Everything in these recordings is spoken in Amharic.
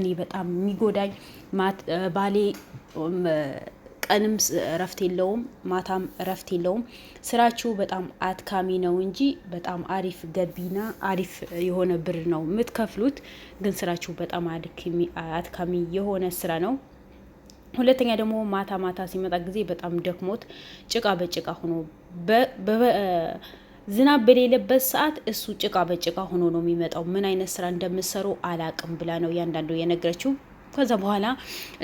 እኔ በጣም የሚጎዳኝ ባሌ ቀንም እረፍት የለውም፣ ማታም እረፍት የለውም። ስራችሁ በጣም አድካሚ ነው እንጂ በጣም አሪፍ ገቢና አሪፍ የሆነ ብር ነው የምትከፍሉት። ግን ስራችሁ በጣም አድካሚ የሆነ ስራ ነው። ሁለተኛ ደግሞ ማታ ማታ ሲመጣ ጊዜ በጣም ደክሞት ጭቃ በጭቃ ሆኖ ዝናብ በሌለበት ሰዓት እሱ ጭቃ በጭቃ ሆኖ ነው የሚመጣው። ምን አይነት ስራ እንደምሰሩ አላቅም ብላ ነው እያንዳንዱ የነገረችው። ከዛ በኋላ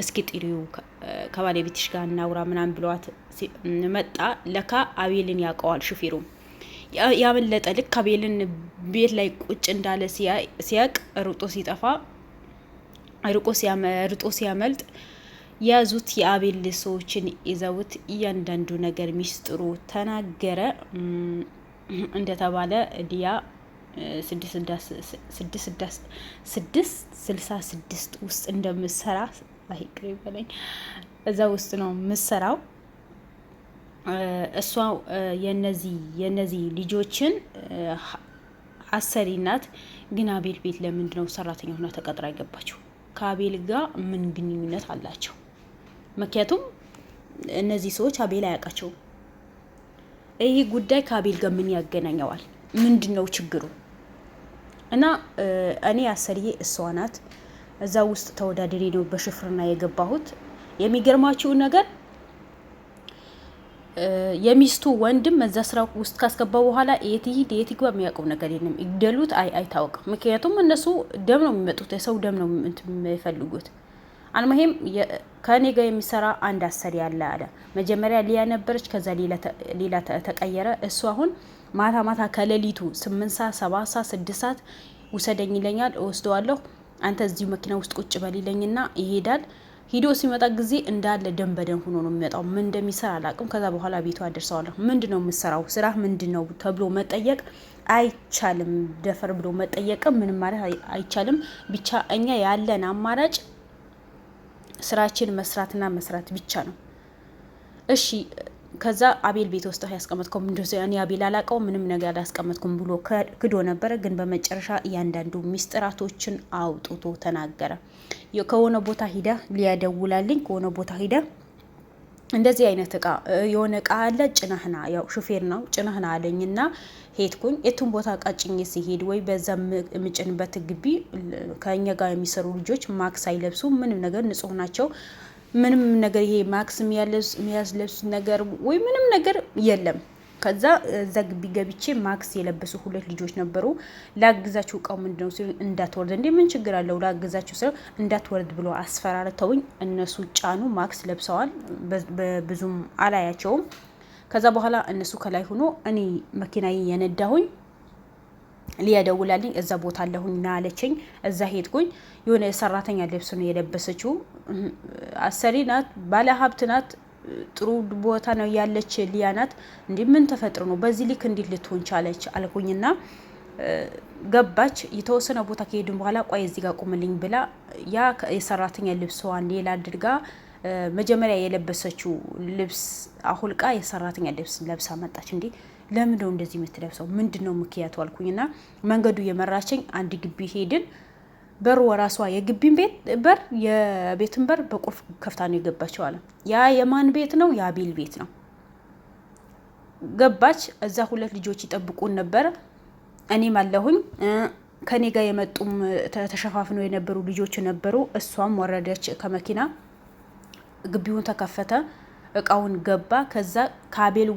እስኪ ጥሪው ከባለቤትሽ ጋር እናውራ ምናምን ብለዋት መጣ። ለካ አቤልን ያውቀዋል ሹፌሩ ያበለጠ ልክ አቤልን ቤት ላይ ቁጭ እንዳለ ሲያቅ ሩጦ ሲጠፋ ርጦ ሲያመልጥ የያዙት የአቤል ሰዎችን ይዘውት እያንዳንዱ ነገር ሚስጥሩ ተናገረ። እንደተባለ ዲያ ስድስት ስልሳ ስድስት ውስጥ እንደምሰራ ይቅር ይበለኝ፣ እዛ ውስጥ ነው ምሰራው እሷ የነዚህ ልጆችን አሰሪ ናት። ግን አቤል ቤት ለምንድ ነው ሰራተኛ ሆና ተቀጥራ አይገባቸው? ከአቤል ጋር ምን ግንኙነት አላቸው? ምክንያቱም እነዚህ ሰዎች አቤል አያውቃቸውም። ይህ ጉዳይ ከአቤል ጋር ምን ያገናኘዋል? ምንድን ነው ችግሩ? እና እኔ አሰርዬ እሷ ናት እዛ ውስጥ ተወዳደሬ ነው በሽፍርና የገባሁት። የሚገርማችሁ ነገር የሚስቱ ወንድም እዛ ስራ ውስጥ ካስገባ በኋላ የት ይሂድ የት ይግባ የሚያውቀው ነገር የለም። ይግደሉት አይታወቅም። ምክንያቱም እነሱ ደም ነው የሚመጡት፣ የሰው ደም ነው የሚፈልጉት። አልማሄም ከእኔ ጋር የሚሰራ አንድ አሰሪ ያለ አለ። መጀመሪያ ሊያ ነበረች፣ ከዛ ሌላ ተቀየረ። እሱ አሁን ማታ ማታ ከሌሊቱ ስምንት ሰዓት ሰባት ሰዓት ስድስት ሰዓት ውሰደኝ ይለኛል። እወስደዋለሁ። አንተ እዚሁ መኪና ውስጥ ቁጭ በል ይለኝና ይሄዳል። ሂዶ ሲመጣ ጊዜ እንዳለ ደን በደን ሆኖ ነው የሚመጣው። ምን እንደሚሰራ አላቅም። ከዛ በኋላ ቤቱ አደርሰዋለሁ። ምንድ ነው የምሰራው? ስራ ምንድ ነው ተብሎ መጠየቅ አይቻልም። ደፈር ብሎ መጠየቅም ምንም ማለት አይቻልም። ብቻ እኛ ያለን አማራጭ ስራችን መስራትና መስራት ብቻ ነው። እሺ ከዛ አቤል ቤት ወስጠህ ያስቀመጥከው እኔ አቤል አላቀው ምንም ነገር አላስቀመጥኩም ብሎ ክዶ ነበረ። ግን በመጨረሻ እያንዳንዱ ሚስጥራቶችን አውጥቶ ተናገረ። ከሆነ ቦታ ሂዳ ሊያደውላልኝ ከሆነ ቦታ ሂደ እንደዚህ አይነት እቃ የሆነ እቃ አለ ጭነህና፣ ያው ሹፌር ነው ጭነህና አለኝና ሄድኩኝ። የቱን ቦታ ቃጭኝ ሲሄድ ወይ በዛ የምጭንበት ግቢ ከእኛ ጋር የሚሰሩ ልጆች ማክስ አይለብሱ ምንም ነገር ንጹህ ናቸው። ምንም ነገር ይሄ ማክስ የሚያዝ ነገር ወይ ምንም ነገር የለም። ከዛ እዛ ግቢ ገብቼ ማክስ የለበሱ ሁለት ልጆች ነበሩ። ላግዛችሁ እቃው ምንድነው ሲሉ እንዳትወርድ፣ እንዴ ምን ችግር አለው ላግዛችሁ ስለው እንዳትወርድ ብሎ አስፈራርተውኝ እነሱ ጫኑ። ማክስ ለብሰዋል። ብዙም አላያቸውም። ከዛ በኋላ እነሱ ከላይ ሆኖ እኔ መኪናዬ የነዳሁኝ ሊያደውላልኝ እዛ ቦታ አለሁኝ ና አለችኝ። እዛ ሄድኩኝ። የሆነ ሰራተኛ ልብስ ነው የለበሰችው። አሰሪ ናት፣ ባለ ሀብት ናት። ጥሩ ቦታ ነው ያለች ሊያናት እንዲ ምን ተፈጥሮ ነው በዚህ ልክ እንዲት ልትሆን ቻለች አልኩኝና ገባች። የተወሰነ ቦታ ከሄድን በኋላ ቆይ እዚህ ጋር ቁምልኝ ብላ ያ የሰራተኛ ልብስዋን ሌላ አድርጋ መጀመሪያ የለበሰችው ልብስ አሁልቃ የሰራተኛ ልብስ ለብሳ መጣች። እንዲ ለምን ነው እንደዚህ የምትለብሰው? ምንድን ነው ምክንያቱ አልኩኝና መንገዱ የመራችኝ አንድ ግቢ ሄድን። በሩ ወራሷ የግቢን ቤት በር የቤትን በር በቁልፍ ከፍታ ነው የገባቸው አለ። ያ የማን ቤት ነው? የአቤል ቤት ነው። ገባች። እዛ ሁለት ልጆች ይጠብቁን ነበረ። እኔም አለሁኝ። ከኔ ጋር የመጡም ተሸፋፍነው የነበሩ ልጆች ነበሩ። እሷም ወረደች ከመኪና። ግቢውን ተከፈተ፣ እቃውን ገባ። ከዛ ከአቤል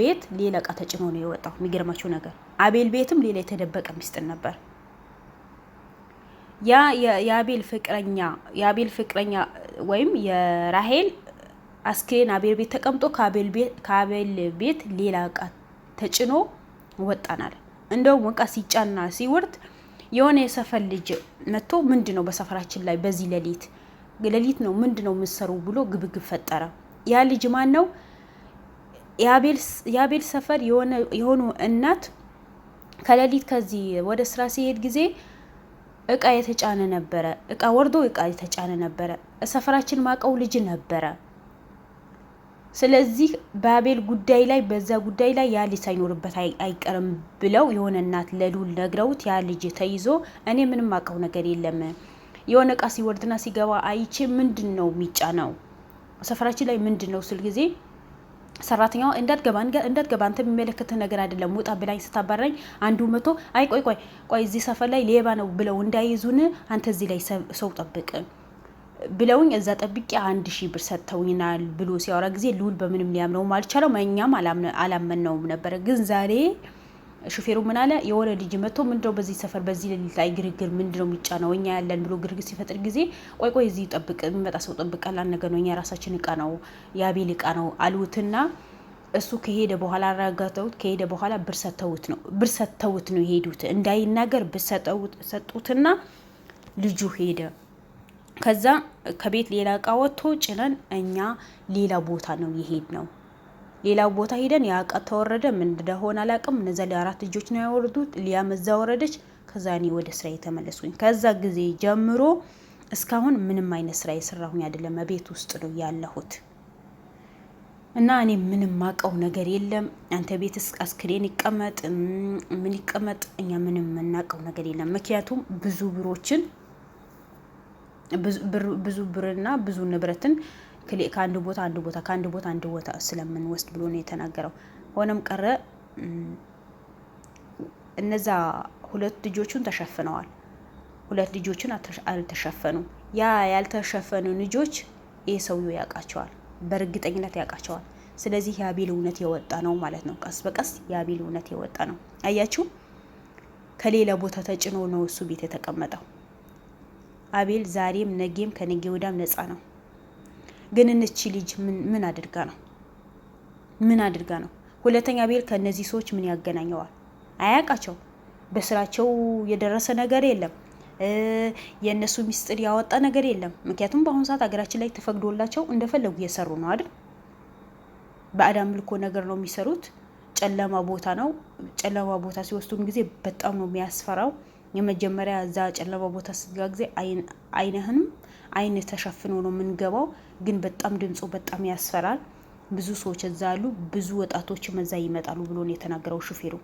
ቤት ሌላ እቃ ተጭኖ ነው የወጣው። የሚገርማቸው ነገር አቤል ቤትም ሌላ የተደበቀ ሚስጥር ነበር። ያ የአቤል ፍቅረኛ የአቤል ፍቅረኛ ወይም የራሄል አስክሬን አቤል ቤት ተቀምጦ ከአቤል ቤት ሌላ እቃ ተጭኖ ወጣናል። እንደውም እቃ ሲጫና ሲወርድ የሆነ የሰፈር ልጅ መጥቶ ምንድ ነው በሰፈራችን ላይ በዚህ ሌሊት ሌሊት ነው ምንድ ነው የምትሰሩ ብሎ ግብግብ ፈጠረ። ያ ልጅ ማን ነው? የአቤል ሰፈር የሆኑ እናት ከሌሊት ከዚህ ወደ ስራ ሲሄድ ጊዜ እቃ የተጫነ ነበረ። እቃ ወርዶ እቃ የተጫነ ነበረ። ሰፈራችን ማቀው ልጅ ነበረ። ስለዚህ በአቤል ጉዳይ ላይ በዛ ጉዳይ ላይ ያ ልጅ ሳይኖርበት አይቀርም ብለው የሆነ እናት ለልዑል ነግረውት ያ ልጅ ተይዞ እኔ ምንም ማቀው ነገር የለም የሆነ እቃ ሲወርድና ሲገባ አይቼ ምንድን ነው የሚጫነው ሰፈራችን ላይ ምንድን ነው ስል ጊዜ ሰራተኛዋ እንዳትገባ እንዳትገባ አንተ የሚመለከትህ ነገር አይደለም ውጣ ብላኝ ስታባራኝ አንዱ መቶ አይ ቆይ ቆይ ቆይ እዚህ ሰፈር ላይ ሌባ ነው ብለው እንዳይዙን አንተ እዚህ ላይ ሰው ጠብቅ ብለውኝ እዛ ጠብቄ አንድ ሺህ ብር ሰጥተውኛል ብሎ ሲያወራ ጊዜ ልውል በምንም ሊያምነውም አልቻለውም። እኛም አላመን ነውም ነበረ ግን ዛሬ ሹፌሩ ምን አለ የወረድ ልጅ መጥቶ ምንድነው በዚህ ሰፈር በዚህ ሌሊት ላይ ግርግር ምንድነው የሚጫነው እኛ ያለን ብሎ ግርግር ሲፈጥር ጊዜ ቆይ ቆይ እዚህ ጠብቅ፣ የሚመጣ ሰው ጠብቅ፣ ቀላል ነው፣ እኛ የራሳችን እቃ ነው፣ የአቤል እቃ ነው አሉትና እሱ ከሄደ በኋላ አረጋገጠውት ከሄደ በኋላ ብር ሰጥተውት ነው ብር ሰጥተውት ነው የሄዱት እንዳይናገር ብር ሰጡትና ልጁ ሄደ። ከዛ ከቤት ሌላ እቃ ወጥቶ ጭነን እኛ ሌላ ቦታ ነው የሄድ ነው። ሌላው ቦታ ሂደን ያ እቃ ተወረደ። ምን እንደሆነ አላቅም። እነዛ ለአራት ልጆች ነው ያወረዱት። ሊያም እዛ ወረደች። ከዛ እኔ ወደ ስራ የተመለስኩኝ ከዛ ጊዜ ጀምሮ እስካሁን ምንም አይነት ስራ የሰራሁኝ አይደለም። ቤት ውስጥ ነው ያለሁት እና እኔ ምንም ማቀው ነገር የለም። አንተ ቤት አስክሬን ይቀመጥ ምን ይቀመጥ፣ እኛ ምንም የምናቀው ነገር የለም። ምክንያቱም ብዙ ብሮችን ብዙ ብርና ብዙ ንብረትን ከአንድ ቦታ አንድ ቦታ ከአንድ ቦታ አንድ ቦታ ስለምንወስድ ብሎ ነው የተናገረው። ሆነም ቀረ እነዛ ሁለት ልጆቹን ተሸፍነዋል። ሁለት ልጆቹን አልተሸፈኑም። ያ ያልተሸፈኑ ልጆች ይህ ሰውዬው ያውቃቸዋል፣ በእርግጠኝነት ያውቃቸዋል። ስለዚህ የአቤል እውነት የወጣ ነው ማለት ነው። ቀስ በቀስ የአቤል እውነት የወጣ ነው። አያችሁ፣ ከሌላ ቦታ ተጭኖ ነው እሱ ቤት የተቀመጠው። አቤል ዛሬም ነጌም ከነጌ ወዳም ነፃ ነው። ግን እነቺ ልጅ ምን አድርጋ ነው ምን አድርጋ ነው? ሁለተኛ ቤል ከእነዚህ ሰዎች ምን ያገናኘዋል? አያውቃቸው። በስራቸው የደረሰ ነገር የለም። የእነሱ ሚስጥር ያወጣ ነገር የለም። ምክንያቱም በአሁኑ ሰዓት ሀገራችን ላይ ተፈቅዶላቸው እንደፈለጉ እየሰሩ ነው አይደል? ባዕድ አምልኮ ነገር ነው የሚሰሩት። ጨለማ ቦታ ነው። ጨለማ ቦታ ሲወስዱም ጊዜ በጣም ነው የሚያስፈራው። የመጀመሪያ እዛ ጨለማ ቦታ ስትጋ ጊዜ አይንህንም አይን ተሸፍኖ ነው የምንገባው። ግን በጣም ድምፁ በጣም ያስፈራል። ብዙ ሰዎች እዛ አሉ፣ ብዙ ወጣቶች እዛ ይመጣሉ ብሎ ነው የተናገረው ሹፌሩ።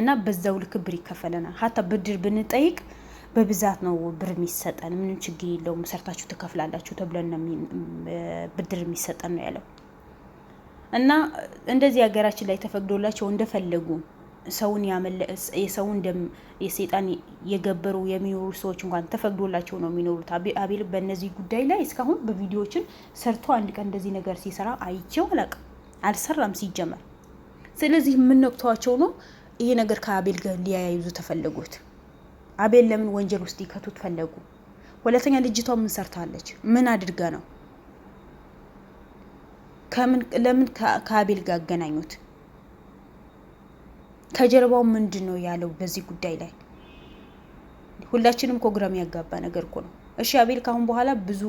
እና በዛው ልክ ብር ይከፈለናል። ሀታ ብድር ብንጠይቅ በብዛት ነው ብር የሚሰጠን። ምንም ችግር የለውም ሰርታችሁ ትከፍላላችሁ ተብለን ብድር የሚሰጠን ነው ያለው። እና እንደዚህ ሀገራችን ላይ ተፈቅዶላቸው እንደፈለጉ ሰውን የሰውን ደም የሰይጣን የገበሩ የሚኖሩ ሰዎች እንኳን ተፈቅዶላቸው ነው የሚኖሩት። አቤል በእነዚህ ጉዳይ ላይ እስካሁን በቪዲዮዎችን ሰርቶ አንድ ቀን እንደዚህ ነገር ሲሰራ አይቼው አላውቅም። አልሰራም ሲጀመር። ስለዚህ የምንነቅተዋቸው ነው። ይሄ ነገር ከአቤል ጋር ሊያያይዙ ተፈለጉት። አቤል ለምን ወንጀል ውስጥ ይከቱት ፈለጉ? ሁለተኛ ልጅቷ ምን ሰርታለች? ምን አድርጋ ነው? ከምን ለምን ከአቤል ጋር አገናኙት? ከጀርባው ምንድን ነው ያለው በዚህ ጉዳይ ላይ? ሁላችንም እኮ ያጋባ የሚያጋባ ነገር እኮ ነው። እሺ አቤል ካሁን በኋላ ብዙ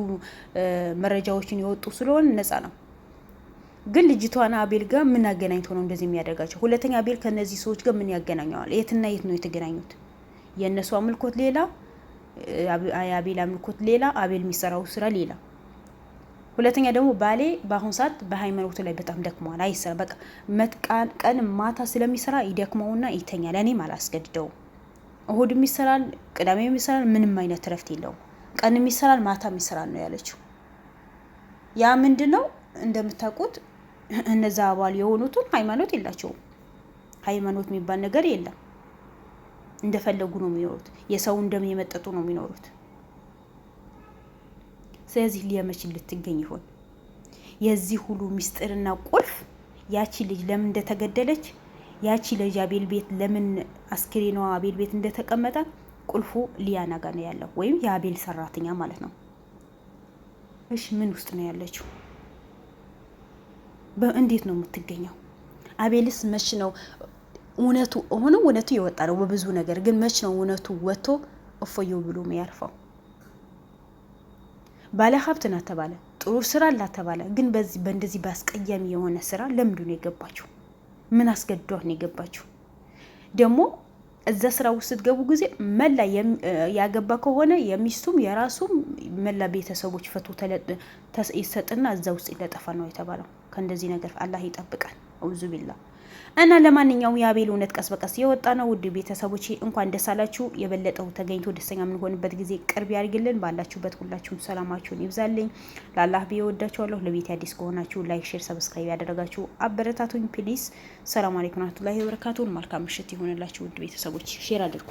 መረጃዎችን የወጡ ስለሆነ ነፃ ነው። ግን ልጅቷና አቤል ጋር ምን አገናኝቶ ነው እንደዚህ የሚያደርጋቸው? ሁለተኛ አቤል ከነዚህ ሰዎች ጋር ምን ያገናኘዋል? የትና የት ነው የተገናኙት? የእነሱ አምልኮት ሌላ፣ የአቤል አምልኮት ሌላ፣ አቤል የሚሰራው ስራ ሌላ ሁለተኛ ደግሞ ባሌ በአሁኑ ሰዓት በሃይማኖቱ ላይ በጣም ደክመዋል። አይሰራ በቃ መጥቃን ቀን ማታ ስለሚሰራ ይደክመውና ይተኛል። እኔም አላስገድደውም። እሁድም ይሰራል፣ ቅዳሜም ይሰራል። ምንም አይነት እረፍት የለውም። ቀንም ይሰራል፣ ማታም ይሰራል ነው ያለችው። ያ ምንድን ነው እንደምታውቁት እነዛ አባል የሆኑትን ሃይማኖት የላቸውም። ሃይማኖት የሚባል ነገር የለም። እንደፈለጉ ነው የሚኖሩት። የሰውን ደም የመጠጡ ነው የሚኖሩት። ስለዚህ ሊያ መች ልትገኝ ይሆን? የዚህ ሁሉ ምስጢርና ቁልፍ ያቺ ልጅ ለምን እንደተገደለች፣ ያቺ ልጅ አቤል ቤት ለምን አስክሬኗ አቤል ቤት እንደተቀመጠ ቁልፉ ሊያና ጋ ነው ያለው፣ ወይም የአቤል ሰራተኛ ማለት ነው። እሺ ምን ውስጥ ነው ያለችው? እንዴት ነው የምትገኘው? አቤልስ መች ነው እውነቱ ሆኖ እውነቱ የወጣ ነው በብዙ ነገር ግን መች ነው እውነቱ ወጥቶ እፎየው ብሎ የሚያርፈው? ባለሀብት ሀብት ናት ተባለ፣ ጥሩ ስራ አላት ተባለ። ግን በዚህ በእንደዚህ በአስቀያሚ የሆነ ስራ ለምንድ ነው የገባችሁ? ምን አስገድዷት ነው የገባችሁ? ደግሞ እዛ ስራ ውስጥ ስትገቡ ጊዜ መላ ያገባ ከሆነ የሚስቱም የራሱም መላ ቤተሰቦች ፈቶ ይሰጥና እዛ ውስጥ ይለጠፋ ነው የተባለው። ከእንደዚህ ነገር አላህ ይጠብቃል። አውዙ ቢላ እና ለማንኛውም የአቤል እውነት ቀስ በቀስ የወጣ ነው። ውድ ቤተሰቦቼ እንኳን ደስ አላችሁ። የበለጠው ተገኝቶ ደስተኛ የምንሆንበት ጊዜ ቅርብ ያድርግልን። ባላችሁበት ሁላችሁም ሰላማችሁን ይብዛልኝ። ለአላህ ብዬ ወዳችኋለሁ። ለቤት አዲስ ከሆናችሁ ላይክ፣ ሼር፣ ሰብስክራይብ ያደረጋችሁ አበረታቱኝ ፕሊስ። ሰላም አለይኩም ወራህመቱላሂ ወበረካቱሁ። መልካም ምሽት ይሆንላችሁ ውድ ቤተሰቦች፣ ሼር አድርጉ።